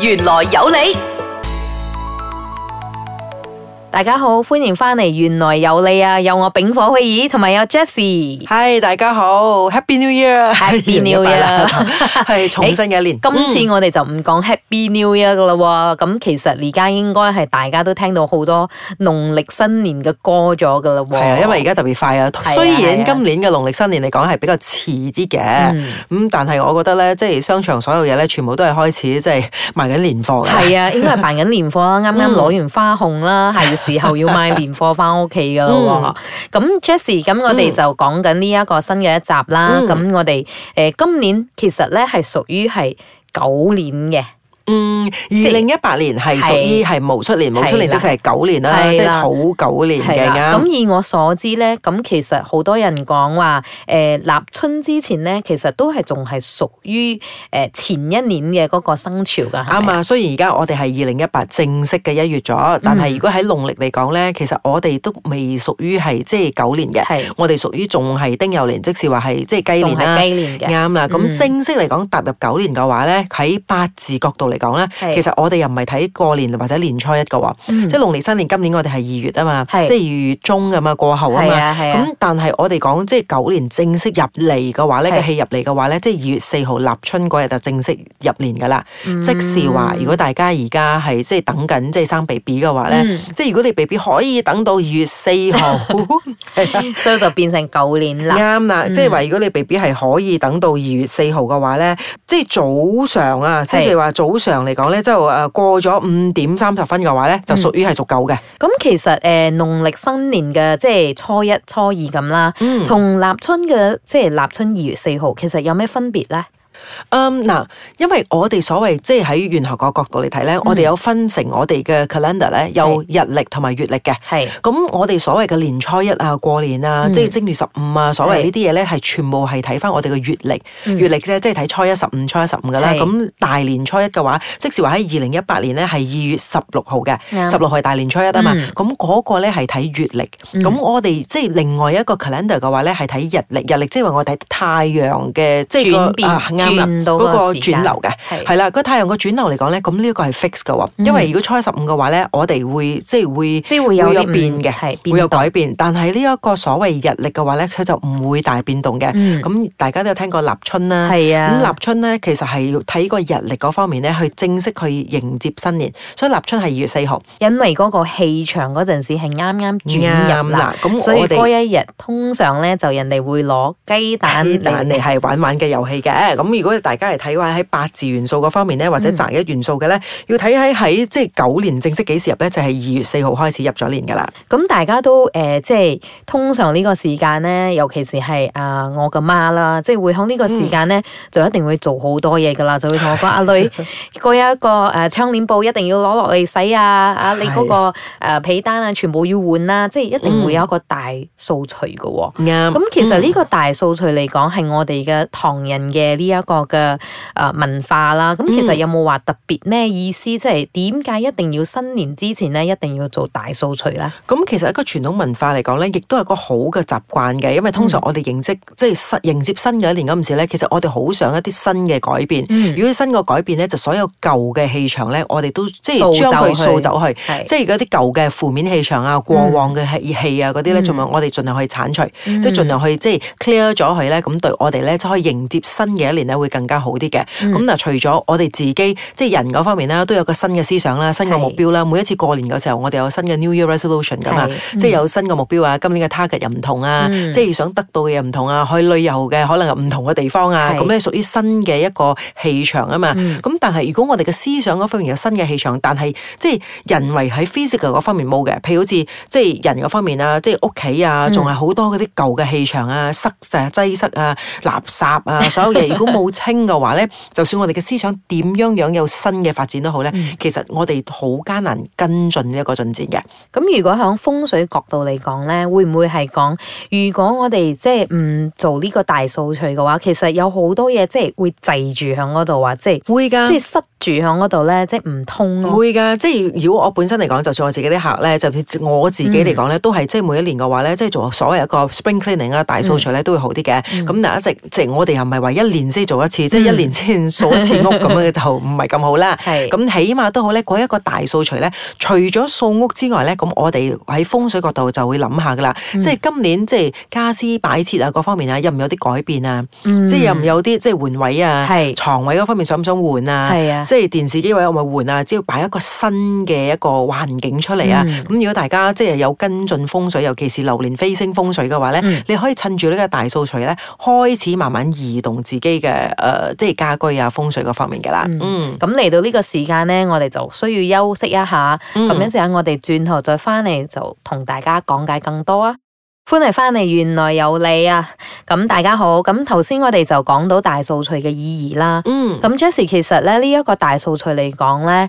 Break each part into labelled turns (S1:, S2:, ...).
S1: 玄來有理。大家好，歡迎翻嚟，玄來有理啊，有我丙火威儀，同埋有 Jessie。嗨，大家好，Happy New Year！Happy New Year！係， 係重新嘅年，欸。今次我哋就唔講 Happy New Year 噶啦，咁、嗯、其實而家應該係大家都聽到好多農曆新年嘅歌咗噶啦。係啊，因為而家特
S2: 別快啊。雖然今年嘅農曆新年嚟講係比較遲啲嘅，咁、嗯、但係我覺得咧，即係商場所有嘢咧，全部都係開始即係賣緊年貨。係啊，
S1: 應該係辦緊年貨啊。啱啱攞完花紅啦，係、嗯。 時候要買年貨返屋企噶咯喎，咁、嗯、Jesse，i 咁我哋就講緊呢一個新嘅一集啦，咁、嗯、我哋、呃、今年其實咧係屬於係狗年嘅。嗯，
S2: 二零一八年係屬於係戊戌年，戊戌年即是係狗年啦，即係土狗年嘅。咁以
S1: 我所知咧，咁其實好多人講話，誒立春之前咧，其實都係仲係屬於誒前一年嘅嗰個生肖噶。啱啊，雖然而家我哋係二零一八正式嘅一月咗，但係如果喺農曆嚟講
S2: 咧，其實我哋都未屬於係即係狗年嘅。我哋屬於仲係丁酉年，即是話係即係雞年，雞年嘅。啱啦，咁正式嚟講踏入狗年嘅話咧，喺八字角度嚟講咧，其實我哋又唔係睇過年或者年初一嘅話，即係龍年新年。今年我哋係二月啊嘛，即係二月中噶嘛，過後啊嘛。咁但係我哋講即係九年正式入嚟嘅話咧，個氣入嚟嘅話咧，即係二月四號立春嗰日就正式入年噶啦。即是話，如果大家而家係即係等緊即係生 B B 嘅話咧，即係如果你 B B 可以等到二月四號，所以就變成九年啦。啱啦，即係話如果你 B B 係可以等到二月四號嘅話咧，即係早上啊，即是話早上。常嚟講咧，即係誒，過咗五點三十分嘅話咧，就屬於係屬舊嘅。
S1: 咁其實誒，農曆新年嘅即係初一、初二咁啦，同、嗯、立春嘅即係立春二月四號，其實有咩分別咧？嗯，嗱，因為我哋所謂
S2: 即係喺玄學個角度嚟睇咧，我哋有分成我哋嘅 calendar 咧，有日曆同埋月曆嘅。係咁，我哋所謂嘅年初一啊，過年啊，即係正月十五啊，所謂呢啲嘢咧，係全部係睇翻我哋嘅月曆，月曆即係睇初一十五、初一十五噶啦。咁大年初一嘅話，即是話喺二零一八年咧，係二月十六號嘅，十六號係大年初一啊嘛。咁嗰個咧係睇月曆。咁我哋即係另外一個 calendar 嘅話咧，係睇日曆。日曆即係話我哋睇太陽嘅即係嗱，嗰個轉流嘅係啦，個太陽個轉流嚟講咧，咁呢個係 fix 嘅喎，因為如果初一十五嘅話咧，我哋會即係會會有變嘅，會有改變。但係呢一個所謂日曆嘅話咧，佢就唔會大變動嘅。咁大家都有聽過立春啦，係啊，咁立春咧其實係要睇個日曆嗰方面咧，
S1: 去正式去迎接新年，所以立春係二月四號。因為嗰個氣場嗰陣時係啱啱轉入啦，咁我哋一日通常咧就人哋會攞雞
S2: 蛋嚟係玩玩嘅遊戲嘅，咁。如果大家嚟睇嘅話，喺八字元素嗰方面咧，或者宅嘅元素嘅咧，嗯、要睇喺喺即係新年正式幾時入咧，就係、是、二月四號開始入咗年
S1: 噶啦。咁大家都誒、呃，即係通常呢個時間咧，尤其是係啊、呃、我嘅媽啦，即係會喺呢個時間咧，嗯、就一定會做好多嘢噶啦，就會同我講：阿是的、啊、女，我有一個誒窗簾布一定要攞落嚟洗啊！啊，是的 你嗰個被單啊，全部要換啦、啊！即係一定會有一個大掃除嘅喎。啱。咁其實呢個大掃除嚟講，係我哋嘅唐人嘅呢一，個嘅誒文化啦，咁其實有冇話特別咩、嗯、意思？即係點解一定要新年之前咧，一定要做大掃除咧？
S2: 咁其實一個傳統文化嚟講咧，亦都係個好嘅習慣嘅，因為通常我哋迎接即係新迎接新嘅一年嗰陣時咧，其實我哋好想一啲新嘅改變。嗯、如果新嘅改變咧，就所有舊嘅氣場咧，我哋都即係、就是、將佢掃走去，即係如果啲舊嘅負面氣場啊、過往嘅氣氣啊嗰啲咧，盡量、嗯、我哋盡量去鏟除，即係、嗯、盡量去即係 clear 咗佢咧，咁、嗯、對我哋咧就可以迎接新嘅一年會更加好啲嘅。咁嗱、嗯，但除咗我哋自己，即係人嗰方面啦，都有個新嘅思想啦，新嘅目標啦。是每一次過年嘅時候，我哋有新嘅 New Year Resolution 噶嘛，即係有新嘅目標啊。今年嘅 target 又唔同啊，嗯、即係想得到嘅又唔同啊。去旅遊嘅可能又唔同嘅地方啊。咁咧屬於新嘅一個氣場啊嘛。咁、嗯、但係如果我哋嘅思想嗰方面有新嘅氣場，但係即係人為喺 physical 嗰方面冇嘅，譬如好似即係人嗰方面啊，即係屋企啊，仲係好多嗰啲舊嘅氣場啊，塞誒擠塞啊，垃圾啊，所有嘢如果冇，清嘅話咧，就算我哋嘅思想點樣樣有
S1: 新嘅發展都好咧，嗯、其實我哋好艱難跟進呢一個進展嘅。咁如果響風水角度嚟講咧，會唔會係講？如果我哋即係唔做呢個大掃除嘅話，其實有好多嘢即係會滯住響嗰度，啊的，即係會噶，即係塞住響嗰度咧，即係唔通。會
S2: 噶，即係如果我本身嚟講，就算我自己啲客咧，就算我自己嚟講咧，嗯、都係即係每一年嘅話咧，即係做所謂一個 spring cleaning 啊，大掃除咧，都會好啲嘅。咁、嗯嗯、但一直即係我哋又唔係話一年即係。做一次，即係一年之前掃、嗯、次屋咁嘅 就唔係咁好啦。咁是起碼都好咧，嗰一個大掃除咧，除咗掃屋之外咧，咁我哋喺風水角度就會諗下噶啦、嗯。即係今年即係家私擺設啊，各方面啊，又有唔有啲改變啊？嗯、即係有唔有啲即係換位啊？是床位嗰方面想唔想換啊？啊即係電視機位有咪可換啊？只要擺一個新嘅一個環境出嚟啊！咁、嗯、如果大家即係有跟進風水，尤其是流年飛星風水嘅話咧，嗯、你可以趁住呢個大掃除咧，開始慢慢移動自己嘅。呃、即係家居啊風水嗰方面㗎啦。嗯，咁嚟、嗯、
S1: 到呢個時間呢，我哋就需要休息一下。咁一陣間我哋轉頭再返嚟就同大家講解更多啊。歡迎翻嚟，原來有你啊！咁大家好，咁頭先我哋就講到大掃除嘅意義啦。嗯，咁 Jessie 其實咧呢一，這個大掃除嚟講咧，誒、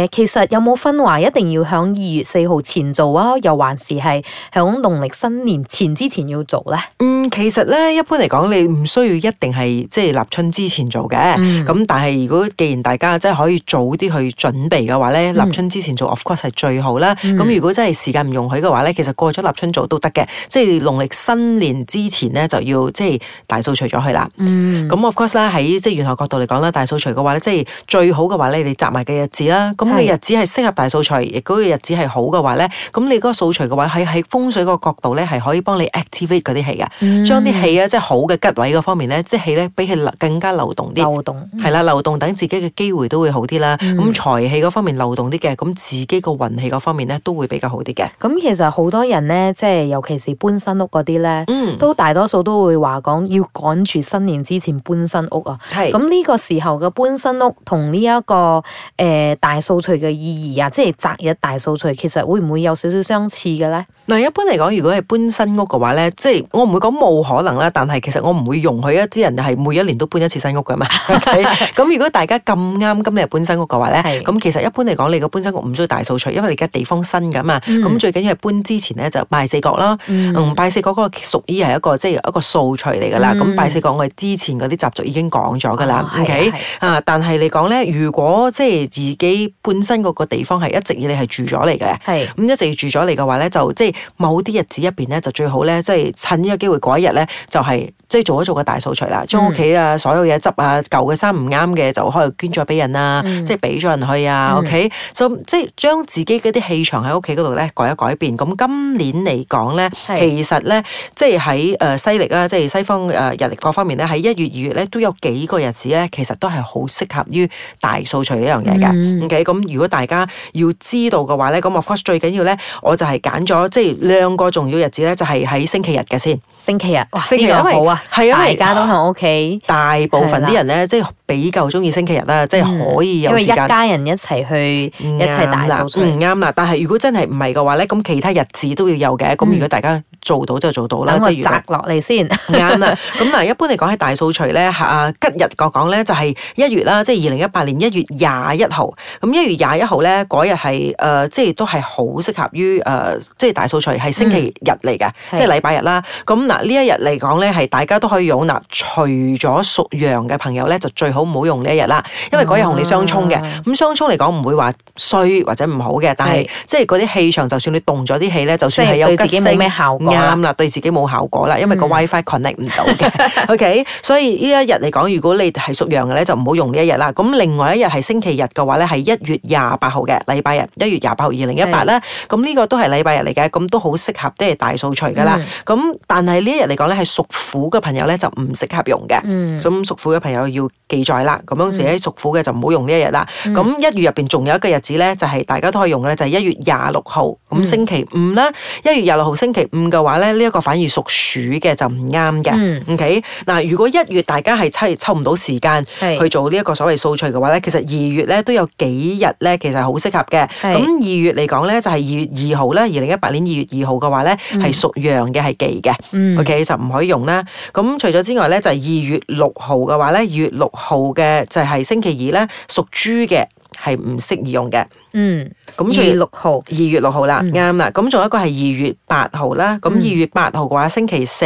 S1: 呃，其實有冇分話一定要響二月四號前做啊？又還是係響農曆新年前之前要做咧？嗯，其實咧一般嚟
S2: 講，你唔需要一定係即係立春之前做嘅。咁、嗯、但係如果既然大家即係可以早啲去準備嘅話咧，嗯、立春之前做 Of course 係最好啦。咁、嗯、如果真係時間唔容許嘅話咧，其實過咗立春做都得嘅。即係農曆新年之前咧，就要即係大掃除咗佢、嗯、啦。嗯，咁 of course 咧，喺即係玄學角度嚟講咧，大掃除嘅話咧，即係最好嘅話咧，你集埋嘅日子啦，咁你日子係適合大掃除，亦嗰個日子係好嘅話咧，咁你嗰個掃除嘅話喺喺風水個角度咧，係可以幫你 activate 嗰啲氣嘅，將啲氣啊，即係好嘅吉位嗰方面咧，啲氣咧比起更加流動啲，流動係啦，流動等自己嘅機會都會好啲啦。咁財氣嗰方面流動啲嘅，咁自己個運氣嗰方面咧都會比較好啲嘅。
S1: 咁其實好多人咧，即係尤其是，搬新屋嗰啲咧，嗯、都大多數都會話講要趕住新年之前搬新屋啊。係咁呢個時候嘅搬新屋同呢一個誒、呃、大掃除嘅意義啊，即係擇日大掃除，其實會唔會有少少相似嘅咧？
S2: 嗱，一般嚟講，如果係搬新屋嘅話咧，即、就、係、是、我唔會講冇可能啦，但係其實我唔會容許一啲人係每一年都搬一次新屋噶嘛。咁 如果大家咁啱今日搬新屋嘅話咧，咁是其實一般嚟講，你個搬新屋唔需要大掃除，因為你而家地方新噶嘛。咁、嗯、最緊要係搬之前咧就拜四角啦。嗯唔、嗯、拜四嗰個屬於係一個即係、就是、一個掃除嚟噶啦，咁、嗯、拜四個我哋之前嗰啲習俗已經講咗噶啦，OK 啊，okay? 但係嚟講咧，如果即係自己本身嗰個地方係一直以嚟係住咗嚟嘅，咁的、嗯、一直住咗嚟嘅話咧，就即係、就是、某啲日子入邊咧，就最好咧，即、就、係、是、趁呢個機會嗰一日咧，就係、是。即係做一做個大掃除啦，將屋企啊所有嘢執啊，舊嘅衫唔啱嘅就可以捐咗俾人啊，嗯、即係俾咗人去啊。嗯、OK，so、okay? 即係將自己嗰啲氣場喺屋企嗰度咧改一改變。咁今年嚟講咧，是其實咧即係喺西歷啦，即係西，西方日曆各方面咧，喺一月二月咧都有幾個日子咧，其實都係好適合於大掃除呢樣嘢嘅。嗯、OK，咁如果大家要知道嘅話咧，咁我 of course 最緊要咧，我就係揀咗即係兩個重要日子咧，就係、是、喺星期日嘅先。星期日，哦、星期日好啊！係啊，係因為而家，大家都喺屋企。大部分啲人咧，即係。比較中意星期日啦，嗯、即係可以有時間。因為一家人一齊去一齊大掃除，唔啱啦。但係如果真係唔係嘅話咧，咁其他日子都要有嘅。咁、嗯、如果大家做到就做到啦。咁我摘落嚟先，啱啦。咁嗱，一般嚟講喺大掃除咧，啊吉日嚟講咧，就係、是、一月啦，即係二零一八年一月廿一號。咁一月廿一號咧，嗰日係誒，即係都係好適合於誒，即、呃、係、就是、大掃除係星期日嚟嘅，嗯、即係禮拜日啦。咁嗱是，呢一日嚟講咧，係大家都可以擁納。除咗屬羊嘅朋友咧，就最好。好唔好用呢一日啦？因為嗰日同你相沖嘅，咁、嗯、相沖嚟講唔會話衰或者唔好嘅，但係是即係嗰啲氣場，就算你動咗啲氣咧，就算係有吉星冇咩效果、啊，啱啦，對自己冇效果啦。因為個 WiFi connect 唔到嘅，OK。所以呢一日嚟講，如果你係屬羊嘅咧，就唔好用呢一日啦。咁另外一日係星期日嘅話咧，係一月廿八號嘅禮拜日，日嗯、一月廿八號二零一八啦。咁呢個都係禮拜日嚟嘅，咁都好適合，即係大掃除噶啦。咁但係呢一日嚟講咧，係屬虎嘅朋友咧就唔適合用嘅。咁屬虎嘅朋友要記住啦，咁樣自己屬虎嘅就唔好用呢一日啦。咁一、嗯、月入邊仲有一個日子咧，就係、是、大家都可以用嘅咧，就係、是、一月廿六號，咁、嗯、星期五啦。一月廿六號星期五嘅話咧，呢、這、一個反而屬鼠嘅就唔啱嘅。嗯、OK，嗱，如果一月大家係抽唔到時間去做呢一個所謂掃除嘅話咧，是其實二月咧都有幾日咧，其實好適合嘅。咁二是月嚟講咧，就係、是、二月二號咧，二零一八年二月二號嘅話咧，係屬、嗯、羊嘅，係忌嘅。嗯、OK，就唔可以用啦。咁除咗之外咧，就係、是、二月六號嘅話咧，二月六號。嘅就係星期二咧，屬豬嘅係唔適宜用嘅。嗯，咁仲要二月六號，二月六號啦，啱啦、嗯。咁仲有一個係二月八號啦。咁、嗯、二月八號嘅話，星期四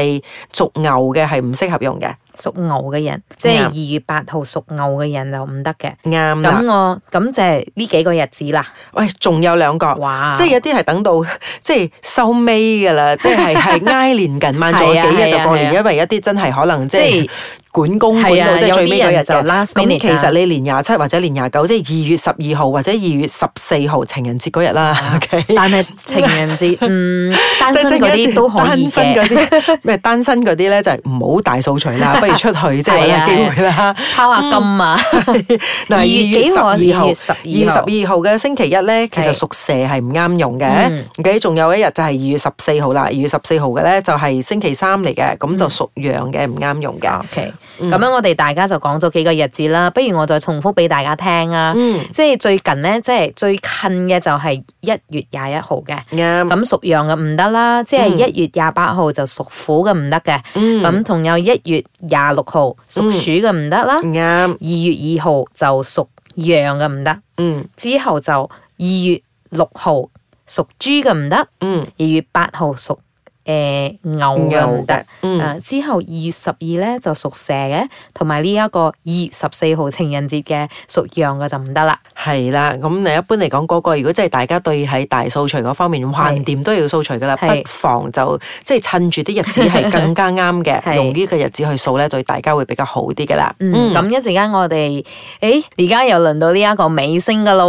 S2: 屬牛嘅係唔適合
S1: 用嘅。屬牛嘅人，即係二月八號屬牛嘅人就唔得嘅。啱啦。咁我咁就係呢幾個日子啦。喂，仲有兩個。哇！即係有啲係等到即係
S2: 收尾㗎啦，即係係挨年近晚咗幾日就過年，因為一啲真係可能即係管工管到即係最尾嗰日就。咁其實你年廿七或者年廿九，即係二月十二號或者二月十四號情人節嗰日啦。但係情人節，嗯，單身嗰啲都可以嘅。咩？單身嗰啲咧就係唔好大掃除啦。可以出去即係揾啲
S1: 機會啦，拋下金啊！嗱，二月幾號、二月十二
S2: 號嘅星期一咧，其實屬蛇係唔啱用嘅。咁仲有一日就係二月十四號啦。二月十四號嘅咧就係星期三嚟嘅，咁就屬羊嘅唔啱
S1: 用嘅。OK，咁樣我哋大家就講咗幾個日子啦。不如我再重複俾大家聽啊。嗯，即係最近咧，即係最近嘅就係一月廿一號嘅。啱。咁屬羊嘅唔得啦，即係一月廿八號就屬虎嘅唔得嘅。嗯。咁仲有一月。廿六號屬鼠嘅唔得啦，二、mm. Yeah. 月二號就屬羊嘅唔得，mm. 之後就二月六號屬豬嘅唔得，二、mm. 月八號屬。誒、欸、牛嘅唔得啊！嗯、之後二月十二咧就屬蛇嘅，同埋呢一個二月十四號情人節嘅屬羊嘅就唔得啦。
S2: 係啦，咁你一般嚟講嗰個，如果真係大家對喺大掃除嗰方面，橫掂是都要掃除噶啦，是不妨就即係、就是、趁住啲日子係更加啱嘅， 是用呢個日子去掃咧，對大家會比較好啲噶啦。咁、嗯、
S1: 一陣間我哋，誒而家又輪到呢一個尾聲噶啦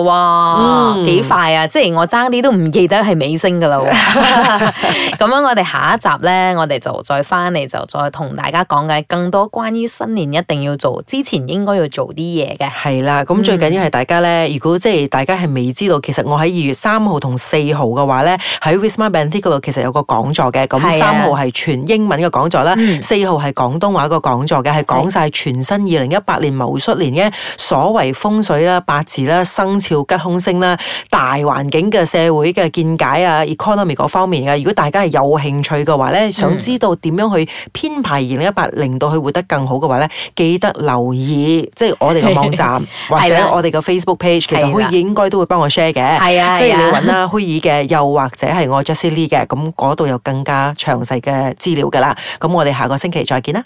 S1: 喎，幾、嗯、快啊！即係我爭啲都唔記得係尾聲噶啦喎。咁 樣我哋。下一集咧，我哋就再翻嚟，就再同大家講解更多關於新年一定要做，之前應該要做啲嘢嘅。
S2: 係啦、啊，咁最緊要係大家咧，嗯、如果即係大家係未知道，其實我喺二月三號同四號嘅話咧，喺 w i s m a b a n d i t 嗰度其實有個講座嘅。咁三號係全英文嘅講座啦，四號係廣東話個講座嘅，係講晒全新二零一八年戊戌年嘅是所謂風水啦、八字啦、生肖吉凶星啦、大環境嘅社會嘅見解啊 e c o n o m y 嗰方面嘅。如果大家係有興興趣嘅話咧，想知道點樣去編排二零一八，令到佢活得更好嘅話咧，記得留意即係、就是、我哋嘅網站 的或者我哋嘅 Facebook page 的。其實虛擬、e、應該都會幫我 share 嘅，係啊的，即係你揾啦虛擬嘅，又或者係我 j u s e l y 嘅，嗰度有更加詳細嘅資料噶啦。咁我哋下個星期再見啦。